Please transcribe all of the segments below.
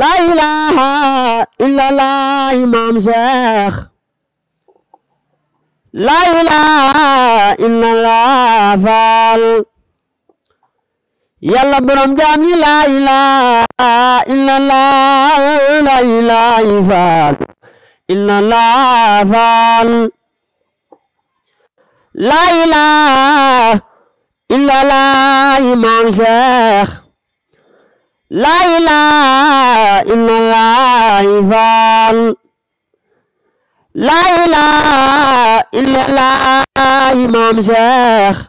laa ilaaha illallah imaam Seex laa ilaaha illallah faal yàlla borom jaam ñi laa ilaaha illallah laa ilaaha faal illallah faal laa ilaaha illallah imaam Seex la ilaha illallah faal la ilaha illallah maam Seex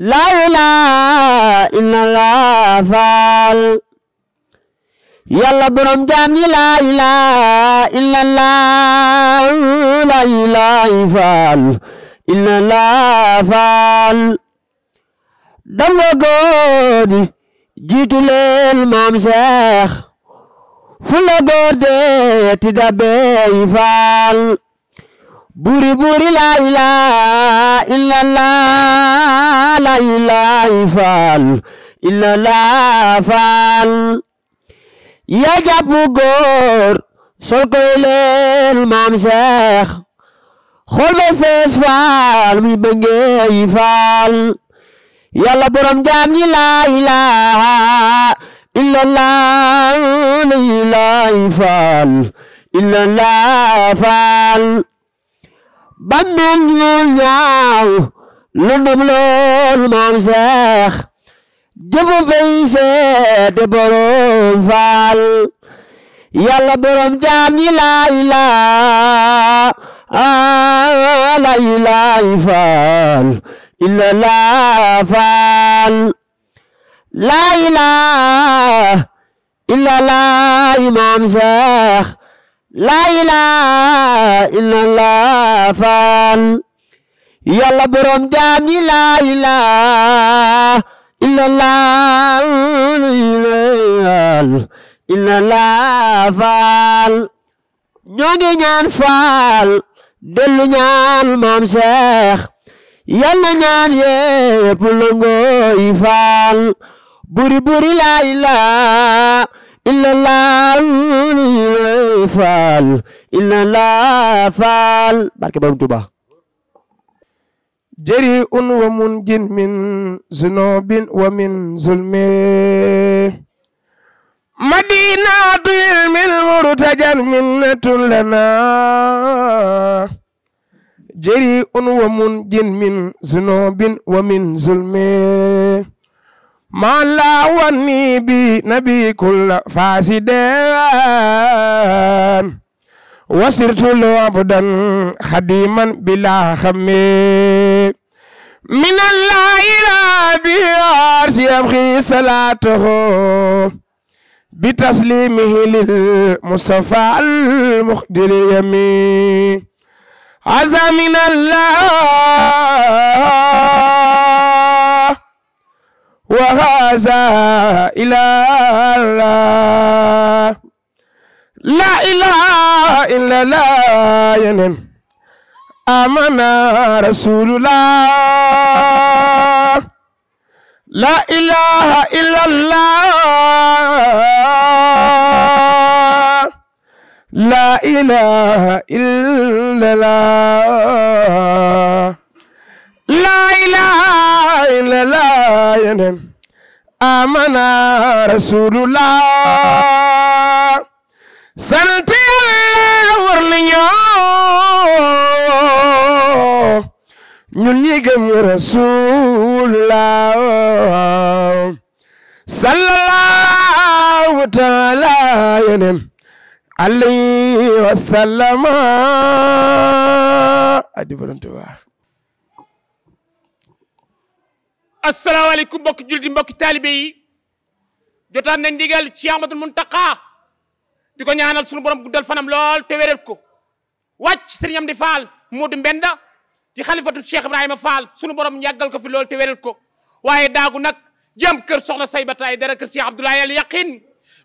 la ilaha illallah faal yàlla borom jaam la ilaha illallah faal illallah faal dango goodi jiitu leen maam seex fula góor dee ti dabeey faal buri buri laa ilaaha illallaah laa ilaaha faal illallaah faal yaa jàpp góor sol koy leen maam seex xol bay fees faal mi bëngeey faal yàlla borom jaam ñi laa ilaaha illallah laay faal illallah faal bàmmeel ñu ñaaw lu ndum lool maam seex jëfu fay seede borom faal yàlla borom jaam ñi laa ilaaha laay faal إلا لا فال لا إله إلا لا إمام شيخ لا إله إلا لا فال يلا بروم جامي لا إله إلا الله إلا لا فال ñoo ngi ñaan faal dellu ñaan maam Cheikh yàlla ñaan yépp lu ngooy faal buri buri laa ilaa illa laa faal illa laa faal barke Borom Tuuba jëri un wa mun jin min zunubin wa min zulmi madinatu ilmil murtajan minnatun lana jari'un wa munjin min zunubin wa min zulmi ma la wanni bi nabi kulla fasidan wa sirtu lo abdan khadiman bila khammi من الله إلى بيارس يبغي صلاته بتسليمه للمصطفى المخدر يمين عسى من الله وهذا إلى الله لا إله إلا الله ينم آمنا رسول الله لا إله إلا الله لا إله إلا الله لا إله إلا الله آمنا رسول الله sant Yàlla war nañoo ñun ñi gëm Rasulullah sallallahu taala yeneen alayhi wa sallama addi borom Tuubaa asalaamaaleykum mbokki jullit mbokki taalibe yi jotaan nañ ndigal ci Ahmadul Muntaqa di ko ñaanal sunu borom guddal fanam lool te wéral ko wàcc sëriñ Amdi Fall Moodu Mbenda di xalifatu Cheikh Ibrahima Fall sunu borom yàggal ko fi lool te wéral ko waaye daagu nag jëm kër soxna say bataay dara kër Cheikh Abdoulaye Al Yaqin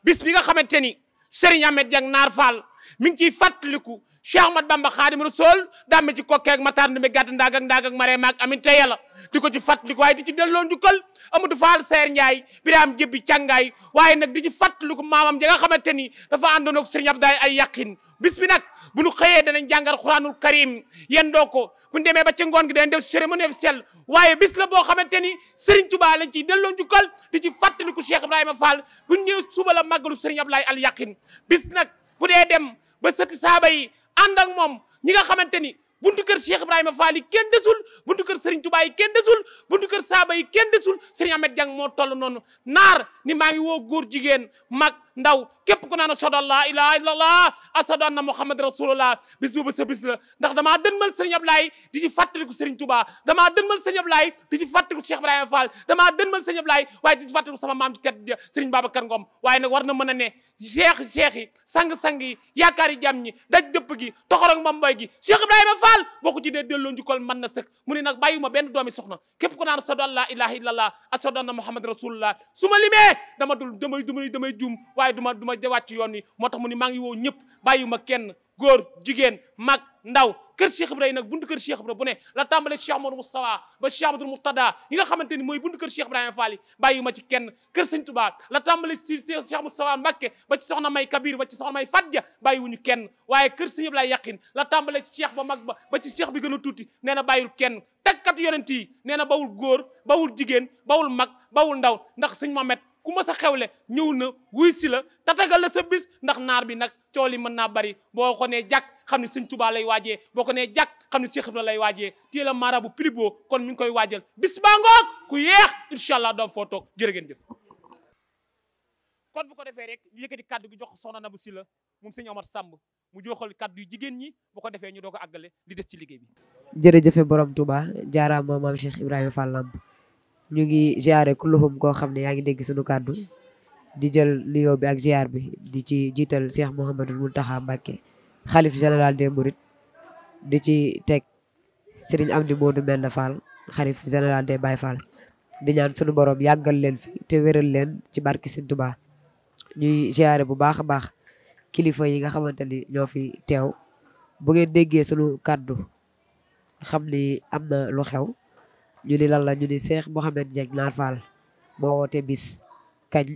bis bi nga xamante ni Serigne Ahmed Dieng Naar Fall mi ngi ciy fàttaliku Cheikh Ahmad Bamba Xaadim Rasul daame ci kokkeeg Matar Ndumbe gàtt ndaag ak ndaag ak maree maak amin te yàlla di ko ci fàttaliku waaye di ci delloo njukkal Amadou Fall Seer Ndiaye Birame Jébbi Càngaay waaye nag di ci fàttaliku maamam ja nga xamante ni dafa àndoon ak Serigne daay ay yàqin bis bi nag bu ñu xëyee danañ jàngal Xuraanul Karim yendoo ko bu ñu demee ba ci ngoon gi dañ def cérémonie officielle waaye bis la boo xamante ni Serigne Touba lañ ciy delloo njukkal ci fàttaliku Cheikh Ibrahima Fall bu ñu ñëwee suba la màggalu Serigne Abdoulaye al yàqin bis nag bu dee dem ba sëti saaba yi ànd ak moom ñi nga xamante ni buntu kër Cheikh Ibrahima Fall yi kenn desul buntu kër Serigne Touba yi kenn desul buntu kër Saaba yi kenn desul Serigne Ahmed Dieng moo toll noon naar ni maa ngi woo góor jigéen mag ndaw képp ku naan ashadu an laa ilaha illallah ashadu anna muhammad rasulullah bis boobu sa bis la ndax damaa dënmal Serigne Ablaye di ci fàttaliku Serigne Touba damaa dënmal Serigne Ablaye di ci fàttaliku Cheikh Ibrahima Fall damaa dënmal Serigne Ablaye waaye di ci fàttaliku sama maam ci kat Serigne Babacar Ngom waaye nag war na mën a ne cheikh cheikh yi sang-sang yi yaakaar yi jàmm ñi daj dëpp gi toxorog Ibrahima Fall al boo ko ci dee delloo njukkal mën na sëkk mu ne nag bàyyiwuma benn doomi soxna képp ko naan asadu an laa ilaha illallah asadu anna muhammad rasulullah su ma limee dama dul damay damay damay jum waaye duma duma wàcc yoon wi moo tax mu ne maa ngi woo ñëpp bàyyiwuma kenn goor jigéen mag ndaw kër Cheikh Ibra nag buntu kër Cheikh Ibra bu ne la tàmbale Cheikh Amadou Moustapha ba Cheikh Amadou Moutada yi nga xamante ni mooy buntu kër Cheikh Ibrahima Fall yi bàyyi ma ci kenn kër Sëñ Touba la tàmbale si Cheikh Moustapha Mbacké ba ci soxna May Kabir ba ci soxna May Fadja wu wuñu kenn waaye kër Sëñ Ablaye Yaqin la tàmbale ci Cheikh ba mag ba ba ci Cheikh bi gën a tuuti nee na bàyyul kenn tagkat yonent yi nee na bawul góor bawul jigéen bawul mag bawul ndaw ku ma xew xewle ñëw na wuy si la tatagal la sa bis ndax naar bi nag cool yi mën naa bari boo ko nee jàkk xam ne sëñ Tuubaa lay waajee boo ko nee jàkk xam ne Seex Ibra lay waajee téye la maara bu piliboo kon mi ngi koy waajal bis baa ngoog ku yeex incha allah doom foo toog jërë ngeen jëf kon bu ko defee rek ñu yëkkati kàddu gi jox soxna Nabou Sylla moom sëñ Omar sàmb mu joxal kàddu yi jigéen ñi bu ko defee ñu doo ko àggale di des ci liggéey bi jërëjëfe borom tubaa jaaraama maam Cheikh Ibrahima Fall Lamp ñu ngi ziare kulluhum koo xam ne yaa ngi dégg sunu kàddu di jël nuyoo bi ak ziar bi di ci jiital Cheikh Mouhamadul Mountakha Mbacké xalif général des Mourides di ci teg Serigne Amdi Modou Mbenda Fall xalif général des Baye Fall di ñaan sunu borom yàggal leen fi te wéral leen ci barki Sëriñ Tuubaa ñu ziare bu baax a baax kilifa yi nga xamante ni ñoo fi teew bu ngeen déggee sunu kàddu xam ni am na lu xew ñu ni lan la ñu ni Cheikh Mouhamed Dieng Naar Fall moo woote bis kañ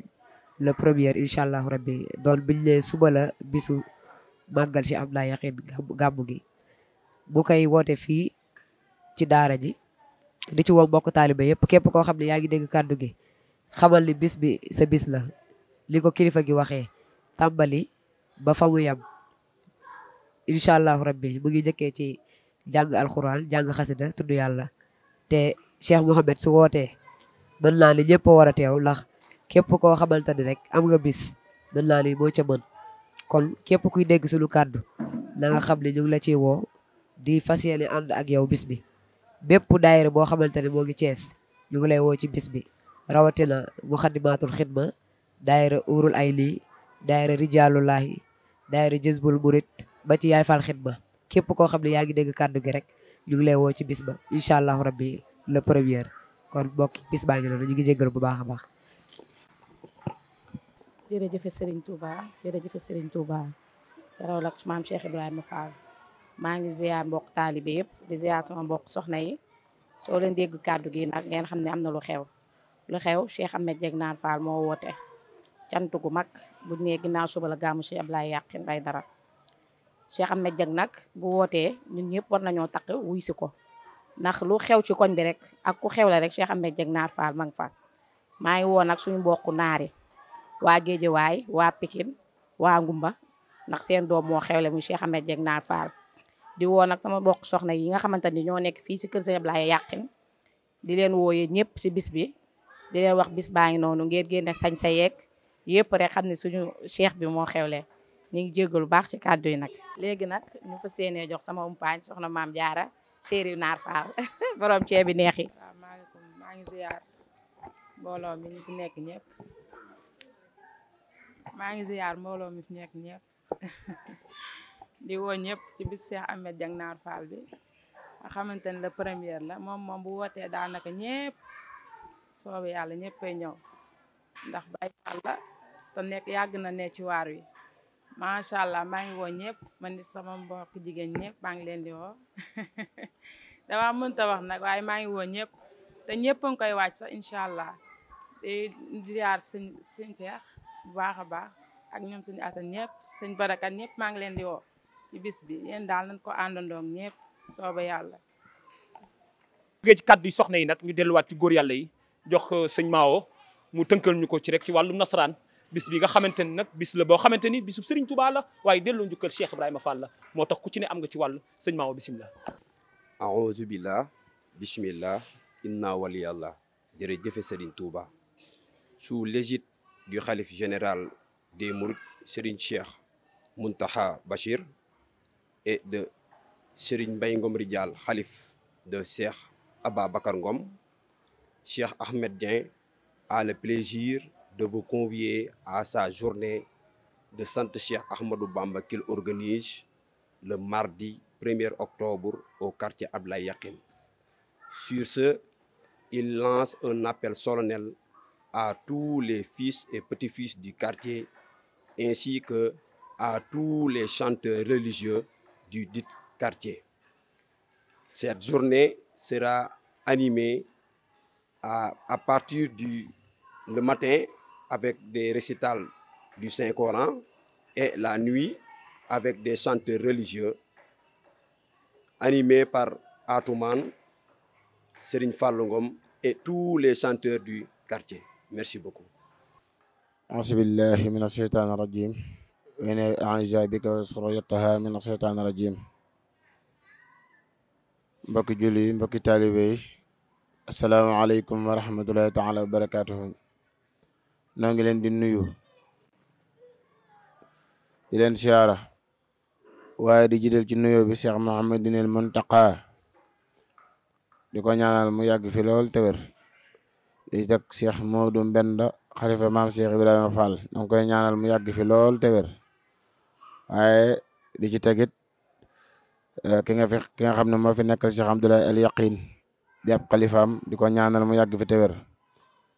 le premier incha allahu rabbi doon biñ ne suba la bisu màggal si am naa yaqin gàmmu gi mu koy woote fii ci daara ji di ci woo mbokk taalibe yëpp képp koo xam ne yaa ngi dégg kàddu gi xamal ni bis bi sa bis la li ko kilifa gi waxee tàmbali ba fa mu yam incha allahu rabbi mu ngi njëkkee ci jàng alxuraan jàng xasida tudd yàlla te Cheikh Mouhamed su wootee mën naa li ñëpp war a teew ndax képp koo xamante ni rek am nga bis mën naa ni moo ca mën kon képp kuy dégg suñu kàddu na xam ne ñu la ciy woo di fas yéene ànd ak yow bis bi bépp daayira boo xamante ne moo ngi Cees ñu ngi lay woo ci bis bi rawatina muxaddimaatul xidma daayira urul ay lii daayira rijaalullaahi daayira jësbul murit ba ci yaay fal xidma képp koo xam ne yaa ngi dégg kàddu gi rek ñu ngi lay woo ci bis ba incha allahu rabbi le premier kon mbokk bis baa ngi noonu ñu ngi jéggal bu baax a baax. jërëjëf Serigne Touba jërëjëf Serigne Touba raw lak maam Cheikh Ibrahima Fall maa ngi ziar mbokk taalibe yëpp di ziar sama mbokk soxna yi soo leen dégg kàddu gi nag ngeen xam ne am na lu xew lu xew Cheikh jeg Diegane Fall moo woote cant gu mag bu ñu naa suba la gàmmu Cheikh Abdoulaye Yakhine dara Cheikh Ahmed Dieng nag bu wootee ñun ñëpp war nañoo takk wuy si ko ndax lu xew ci koñ bi rek ak ku xew la rek Cheikh Ahmed jeg naar faal mag nga fa maa ngi woo nag suñu mbokku naari waa Géejawaay waa Pikine waa Ngumba ndax seen doom moo xewle muy Cheikh Ahmed Dieng naar faal di woo nag sama mbokk soxna yi nga xamante ni ñoo nekk fii si kër Sëñ lay yàqin di leen wooyee ñëpp si bis bi di leen wax bis baa ngi noonu ngeen génne sañ sa yeeg yëpp rek xam ne suñu cheikh bi moo xewle ñu ngi jégalu baax ci kàddu yi nag. léegi nag ñu fa séenee jox sama umpaañ soxna maam jaara séeri naar faal boroom ceeb bi neex yi. waaw maaleykum maa ngi ziar mbooloo mi ñu fi nekk ñëpp maa ngi ziar mbooloo mi fi nekk ñëpp di woo ñëpp ci bis Cheikh Ahmed Dieng naar faal bi nga xamante ne la première la moom moom bu wootee daanaka ñëpp soobe yàlla ñëpp ay ñëw ndax bay faal te nekk yàgg na ne ci waar wi. macha allah maa ngi woo ñëpp man nit sama mbokk jigéen ñëpp maa ngi leen di woo dama mënta wax nag waaye maa ngi woo ñëpp te ñëpp a ngi koy waaj sax incha allah di ziar sëñ Seex bu baax a baax ak ñoom sëñ Asan ñëpp sëñ Barakat ñëpp maa ngi leen di woo ci bis bi yéen daal nañ ko àndandoo ñëpp sooba yàlla. jógee ci kàddu yi yi nag ñu delluwaat ci góor yàlla yi jox sëñ Maodo mu tënkal ñu ko ci rek ci wàllum nasaraan. bis bi nga xamante ni nag bis la boo xamante ni bisub Serigne waaye delloo njukkal Cheikh Ibrahima Fall la moo tax ku ci ne am nga ci wàll sëñ Maodo bisimilah. aouzu billah bismillah inna waliyallah jërëjëf Serigne Touba sous l'égide du khalife général des Mourides Serigne Cheikh Mountakha Bachir et de Serigne Mbaye Ngom Rijal khalife de Cheikh Ababakar Ngom Cheikh Ahmed Dieng a le plaisir de vous convier à sa journée de Sante Cheikh Ahmadou Bamba qu'il organise le mardi 1er octobre au quartier Ablaye Yakin. Sur ce, il lance un appel solennel à tous les fils et petits-fils du quartier ainsi que à tous les chanteurs religieux du dit quartier. Cette journée sera animée à, à partir du matin avec des récitals du Saint-Coran et la nuit avec des chanteurs religieux animés par Atouman, Serine Fallongom et tous les chanteurs du quartier. Merci beaucoup. أعوذ بالله من الشيطان الرجيم وإن أعز بك وسريتها من الشيطان الرجيم mbokki julli mbokki taalibe yi asalaamaaleykum wa rahmatulahi taala wa barakaatuhu noo ngi leen di nuyu di leen siyaara waaye di jidel ci nuyoo bi Cheikh Mouhamadine El Mountakha di ko ñaanal mu yàgg fi lool te wér di teg Cheikh Modou Mbenda xalifa maam Cheikh Ibrahima Fall danga koy ñaanal mu yàgg fi lool te wér waaye di ci tegit eh, ki nga fi ki nga xam ne moo fi nekkal Cheikh Abdoulaye El Yaqin di ab xalifaam di ko ñaanal mu yàgg fi te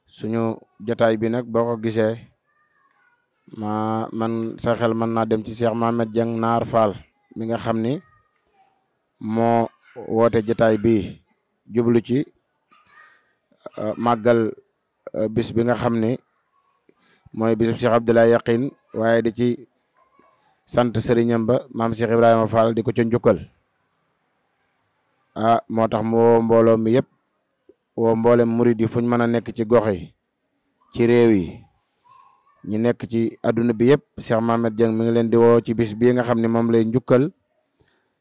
suñu jataay bi nag boo ko gisee ma man sa xel mën naa dem ci Cheikh Mohamed Dieng Naar Fall mi nga xam ni moo woote jataay bi jublu ci euh, màggal euh, bis bi nga xam ni mooy bisu Cheikh Abdoulaye Yaqin waaye di ci sant sëriñam ba maam Cheikh Ibrahima Fall di ko ci njukkal a ah, moo tax mu woo mbooloo mi yëpp woo mboolem murid fuñ mën a nekk ci gox yi ci réew yi ñu nekk ci adduna bi yëpp Cheikh Mahamad Dieng mi ngi leen di woo ci bis bii nga xam ni moom lay njukkal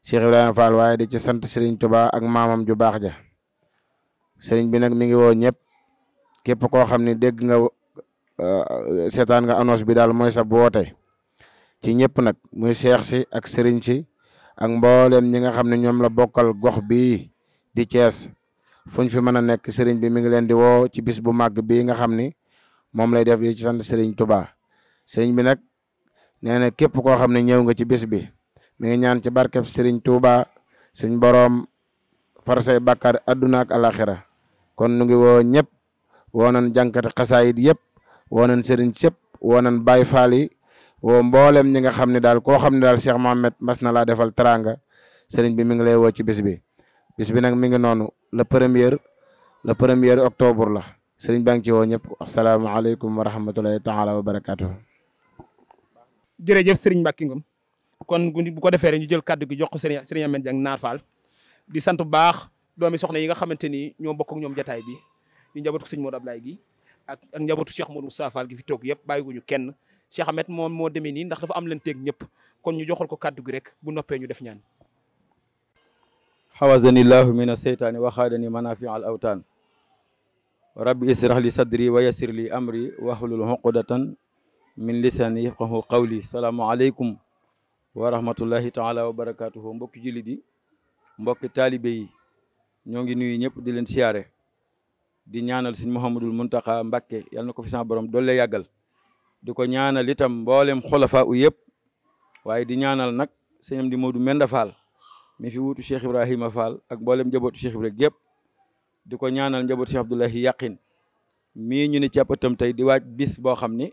Cheikh Ibrahima Fall waaye di ci sant Serigne Touba ak maamam ju baax ja Serigne bi nag mi ngi woo ñëpp képp koo xam ni dégg nga euh, seetaan nga annonce bi daal mooy sa woote ci ñëpp nag muy Cheikh si ak Serigne si ak mboolem ñi nga xam ne ñoom la bokkal gox bi di Thiès. fu ñu fi mën a nekk sëriñ bi mi ngi leen di woo ci bis bu màgg bi nga xam ni moom lay def di ci sant sëriñ Touba sëriñ bi nag nee na képp koo xam ne ñëw nga ci bis bi mi ngi ñaan ci barkeb sëriñ Touba suñ boroom far say bàkkaar alaxira kon nu ngi woo ñëpp woo nañ jànkati xasaayit yëpp woo nañ sëriñ sëpp woo nañ Baay fali woo mboolem ñi nga xam ne daal koo xam ne daal Cheikh Mohamed mas na laa defal teraanga sëriñ bi mi ngi lay woo ci bis bi bis bi nag mi ngi le premier le première octobre la sëriñ baa ngi ci woo ñëpp asalaamaaleykum wa rahmatulahi taala wa barakaatu. jërëjëf sëriñ Mbacke Ngom kon bu ko defee rek ñu jël kàddu gi jox ko sëriñ sëriñ Ameth Naar Fall di sant bu baax doomi soxna yi nga xamante ni ñoo bokk ñoom jataay bi ñu njabootu sëñ Modou Ablaye gi ak ak njabootu Cheikh Modou Moussa gi fi toog yëpp bàyyiguñu kenn Cheikh Ameth moom moo demee nii ndax dafa am leen teeg ñëpp kon ñu joxal ko kàddu gi rek bu noppee ñu def ñaan xawasani llahu min aseytaani waxaadani manaafi al awtaan rabbi israh li sadri wa yassir li amri wahlul uqdatan min lisaani yafqahu qawli salaamualeykum wa rahmatullahi taala wa barakatuhu mbokki jullit yi mbokki taalibe yi ñoo ngi nuyu ñëpp di leen siyaare di ñaanal suñ Muhammadul Muntaxa Mbàkke yal na ko fi sama borom doole yàggal di ko ñaanal itam mboolem xulafa u yëpp di ñaanal nag sëñam di Moodu Menda Fall mi fi wuutu Cheikh Ibrahima Fall ak mboolem njabootu Cheikh Ibrahima yëpp di ko ñaanal njabootu Cheikh Abdoulahi Yaqin mii ñu ne ci tey di waaj bis boo xam ni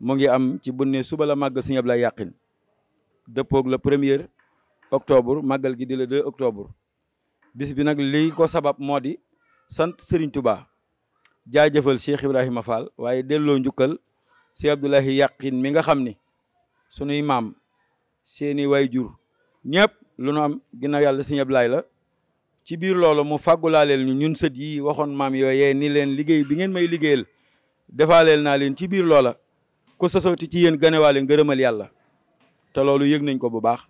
mu ngi am ci bunne suba la màggal Sëñ Abdoulahi Yaqin dëppoog la premier octobre màggal gi di la octobre bis bi nag lii ko sabab moo di sant Serigne Touba jaajëfal Cheikh Ibrahima Fall waaye delloo njukkal Cheikh Abdoulahi Yaqin mi nga xam ni sunuy maam seeni waay jur ñëpp lu nu am ginnaaw yàlla sëñ Ablaay la ci biir loola mu faggulaaleel ñu ñun sët yi waxoon maam yooye ni leen liggéey bi ngeen may liggéeyal defaaleel naa leen ci biir loola ku sosooti ci yéen ganewaale ngërëmal yàlla te loolu yëg nañ ko bu baax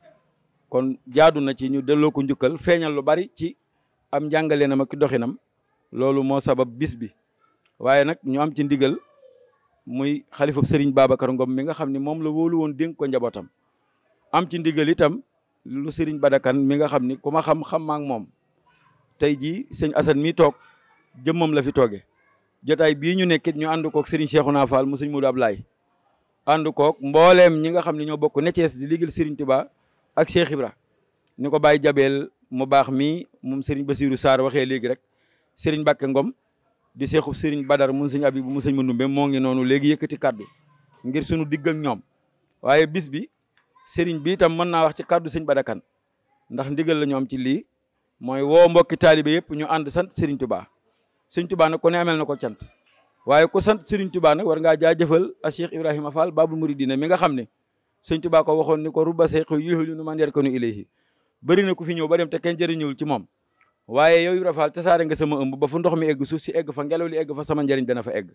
kon jaadu na ci ñu delloo ko njukkal feeñal lu bari ci am njàngaleenam ak doxinam loolu moo sabab bis bi waaye nag ñu am ci ndigal muy xalifab sëriñ Babacar Ngom mi nga xam ne moom la wóolu woon dénk ko njabootam lu Serigne Badakan mi nga xam ni ku ma xam xam maak moom tey jii sëñ Assane mi toog jëmmam la fi tooge jotaay bii ñu nekkit ñu ànd koog Serigne Cheikhouna Fall mu sëñ Modou Ablaye ànd koog mbooleem ñi nga xam ne ñoo bokk ne Cees di liggéeyal Serigne Touba ak Cheikh Ibra ni ko Baye jabeel mu baax mi moom Serigne Basirou Sarr waxee léegi rek Serigne Bakke Ngom di seexub Serigne Badar mu sëñ Abib mu sëñ Mandumbe moo ngi noonu léegi yëkkati kàddu ngir sunu digg ak ñoom waaye bis sëriñ bi itam mën naa wax ci kàddu sëñ ba Kane ndax ndigal la ñu am ci lii mooy woo mbokki taalibe yëpp ñu ànd sant sëriñ Tuubaa sëriñ Tuubaa nag ku ne amel na ko cant waaye ku sant sëriñ Tuubaa nag war ngaa jaajëfal a Cheikh Ibrahima Fall Babul Muridina mi nga xam ne sëriñ Tuubaa ko waxoon ni ko rubba seyqi yu nu man yarkanu ilayhi bëri na ku fi ñëw ba dem te kenn ci moom waaye yow Ibrahima Fall tasaare nga sama ëmb ba fu ndox mi egg su si egg fa ngelaw li egg fa sama njëriñ dana fa egg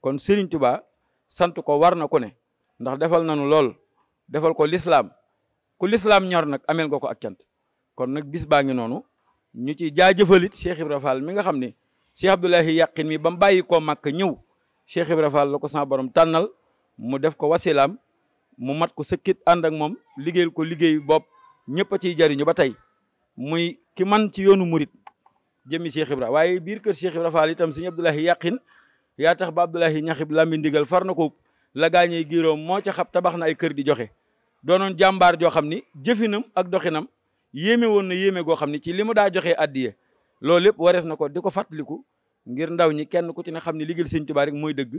kon sëriñ Tuubaa sant ko war na ku ne ndax defal nanu lool defal ko lislaam ku lislaam ñor nag ameel nga ko ak cant kon nag bis baa ngi noonu ñu ci jaajëfalit Cheikh Ibra Fall mi nga xam ne Cheikh Abdoulahi Yaqin mi ba mu bàyyi koo màkk ñëw Cheikh Ibra Fall la ko sama borom tànnal mu def ko wasilaam mu mat ko sëkkit ànd ak moom liggéeyal ko liggéey bopp ñëpp ci jariñu ba tey muy ki man ci yoonu murit jëmmi Cheikh Ibra waaye biir kër Cheikh Ibra Fall itam sëñ Abdoulahi Yaqin yaa tax ba Abdoulahi ñaxib lambi ndigal far na ko la gaañee giiróom moo ca xab tabax na ay kër di joxe doonoon jàmbaar joo xam ni jëfinam ak doxinam yéeme woon na yéeme goo xam ni ci li mu daa joxee addiye loolu lépp warees na ko di ko fàttaliku ngir ndaw ñi kenn ku ci ne xam ne liggéeyal Sëriñ Tuubaa rek mooy dëgg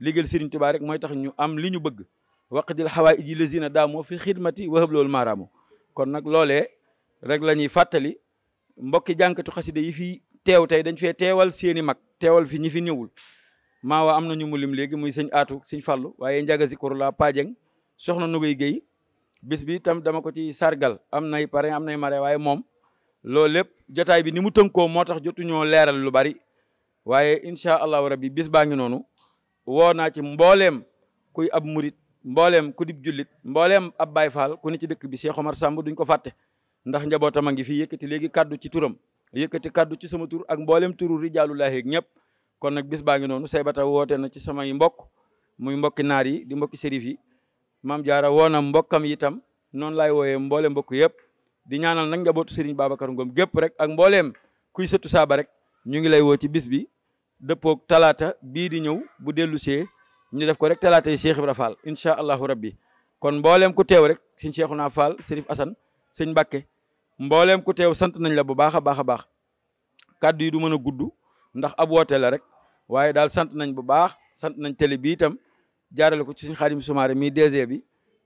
liggéeyal Sëriñ Tuubaa rek mooy tax ñu am li ñu bëgg waqdil xawaaij yi lazina daamoo fi xidmati wahab loolu maaraamu kon nag loolee rek la ñuy fàttali mbokki jànkatu xaside yi fii teew tey dañ fee teewal seeni mag teewal fi ñi fi ñëwul maa waa am na ñu mu léegi muy sëñ aatu sëñ fàllu waaye njaga zikuru la pajeng soxna nu goy géy bis bi tam dama ko ci sargal am nay parrain am nay mare waaye moom loolu lépp jotaay bi ni mu tënkoo moo tax jotuñoo leeral lu bari waaye incha allahu rabbi bis baa ngi noonu woo naa ci mbooleem kuy ab murit mbooleem ku dib jullit mbooleem ab Baay Faal ku ne ci dëkk bi Cheikh Omar Samb duñ ko fàtte ndax njabootam a ngi fi yëkkati léegi kaddu ci turam yëkkati kaddu ci sama tur ak mbooleem turu rijaalullaahi ak ñëpp kon nag bis baa ngi noonu saybata woote na ci samay mbokk muy mbokki naar yi di mbokki sérif yi maam jaara woona mbokkam itam noonu laay wooyee mboolem mbokk yëpp di ñaanal nag njabootu Serigne Babacar Ngom gépp rek ak mbooleem kuy sëtu saaba rek ñu ngi lay woo ci bis bi dëppoog talaata bii di ñëw bu dellu see ñu def ko rek talaata yi Cheikh Ibra Fall incha allahu rabbi kon mbooleem ku teew rek sëñ Cheikhouna Fall Serif Assane sëñ Mbàkke mbooleem ku teew sant nañ la bu baax a baax a baax kàddu yi du mën a gudd ndax ab woote la rek waaye daal sant nañ bu baax sant nañ télé bi itam jaarale ko ci suñu xaadim sumaare mi DG bi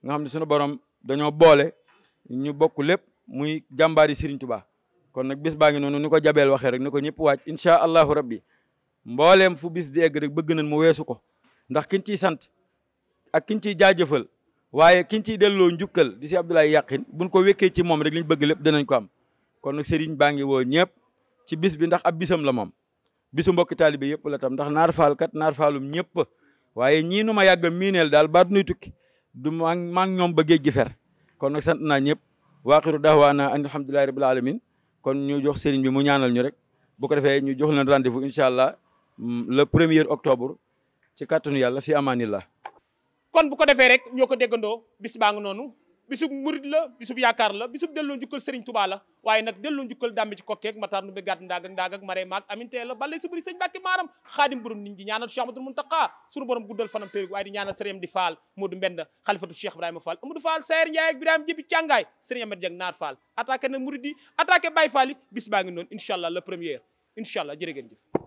nga xam ne suñu borom dañoo boole ñu bokk lépp muy jàmbaari Serigne Touba kon nag bis baa ngi noonu ni ko jabeel waxee rek ni ko ñëpp waaj incha allahu rabbi mbooleem fu bis di bëgg nañ mu weesu ko ndax kin ciy sant ak kin ciy jaajëfal waaye kin ciy delloo njukkal di si Abdoulaye Yaqin buñ ko wekkee ci moom rek liñ bëgg lépp dinañ ko am kon nag Serigne baa ngi woo ñëpp ci bis bi ndax a bisam la moom bisu mbokki taalibe yëpp la tam ndax naar faal kat naar faalum ñëpp waaye ñii nu ma yàgg miineel daal baat nuy tukki du ma maa ñoom ba géej gi fer kon nag sant naa ñëpp waaxiru daawaana an alhamdulilahi rabbil alamin kon ñu jox sëriñ bi mu ñaanal ñu rek bu ko defee ñu jox leen rendez-vous incha allah mm, le premier octobre ci kàttanu yàlla fi amaanillah kon bu ko defee rek ñoo ko déggandoo bis baa ngi noonu bisub murit la bisub yaakaar la bisub delloo njukkal Serigne Touba la waaye nag delloo njukkal dàmbi ci kokkeeg mataar nu be gàdd ndaag ak ndaag ak mare maag amintee la suburi sëñ Bàkke maaram xaadim borom nit ñi ñaanal di ñaanal Serigne di Fall Modou Mbend xalifatu Cheikh Ibrahima Fall Amadou Fall Sayer Ndiaye ak Birame Jibi Càngaay naar Fall attaqué nag murit yi attaqué Baye Fall yi bis baa ngi premier incha allah jërë